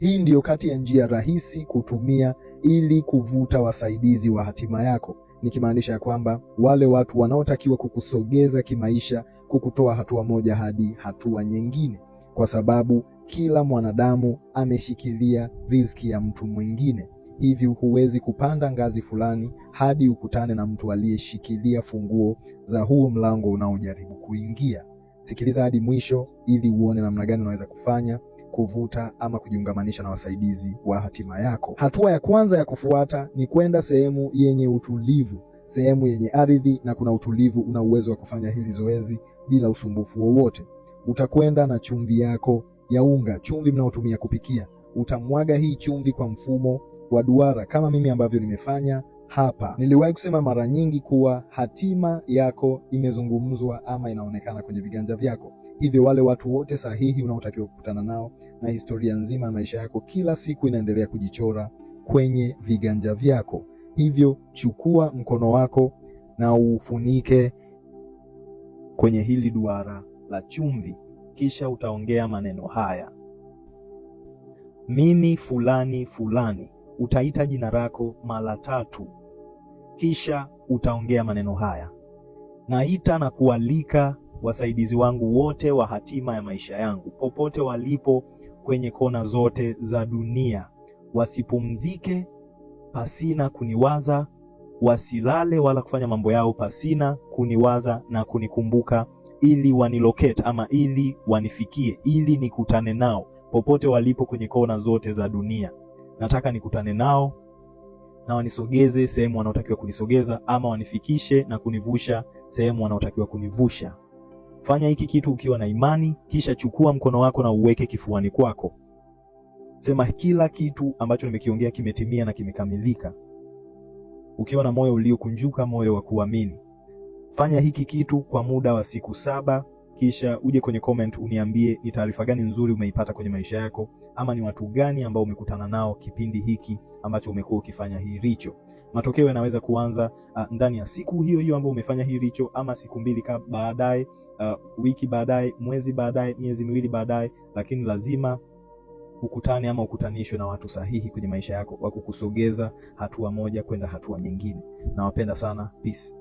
Hii ndiyo kati ya njia rahisi kutumia ili kuvuta wasaidizi wa hatima yako, nikimaanisha ya kwamba wale watu wanaotakiwa kukusogeza kimaisha, kukutoa hatua moja hadi hatua nyingine, kwa sababu kila mwanadamu ameshikilia riziki ya mtu mwingine. hivyo huwezi kupanda ngazi fulani hadi ukutane na mtu aliyeshikilia funguo za huo mlango unaojaribu kuingia. Sikiliza hadi mwisho ili uone namna gani unaweza kufanya kuvuta ama kujiungamanisha na wasaidizi wa hatima yako. Hatua ya kwanza ya kufuata ni kwenda sehemu yenye utulivu, sehemu yenye ardhi na kuna utulivu, una uwezo wa kufanya hili zoezi bila usumbufu wowote. Utakwenda na chumvi yako ya unga, chumvi mnaotumia kupikia. Utamwaga hii chumvi kwa mfumo wa duara kama mimi ambavyo nimefanya hapa. Niliwahi kusema mara nyingi kuwa hatima yako imezungumzwa ama inaonekana kwenye viganja vyako, hivyo wale watu wote sahihi unaotakiwa kukutana nao na historia nzima ya maisha yako kila siku inaendelea kujichora kwenye viganja vyako. Hivyo chukua mkono wako na ufunike kwenye hili duara la chumvi, kisha utaongea maneno haya: mimi fulani fulani. Utaita jina lako mara tatu kisha utaongea maneno haya: naita na kualika wasaidizi wangu wote wa hatima ya maisha yangu, popote walipo kwenye kona zote za dunia, wasipumzike pasina kuniwaza, wasilale wala kufanya mambo yao pasina kuniwaza na kunikumbuka, ili wanilocate ama ili wanifikie, ili nikutane nao popote walipo kwenye kona zote za dunia. Nataka nikutane nao na wanisogeze sehemu wanaotakiwa kunisogeza, ama wanifikishe na kunivusha sehemu wanaotakiwa kunivusha. Fanya hiki kitu ukiwa na imani, kisha chukua mkono wako na uweke kifuani kwako. Sema, kila kitu ambacho nimekiongea kimetimia na kimekamilika, ukiwa na moyo uliokunjuka, moyo wa kuamini. Fanya hiki kitu kwa muda wa siku saba kisha uje kwenye comment uniambie ni taarifa gani nzuri umeipata kwenye maisha yako, ama ni watu gani ambao umekutana nao kipindi hiki ambacho umekuwa ukifanya hii richo. Matokeo yanaweza kuanza uh, ndani ya siku hiyo hiyo ambayo umefanya hii richo, ama siku mbili baadaye, uh, wiki baadaye, mwezi baadaye, miezi miwili baadaye, lakini lazima ukutane ama ukutanishwe na watu sahihi kwenye maisha yako wa kukusogeza hatua moja kwenda hatua nyingine. Nawapenda sana, peace.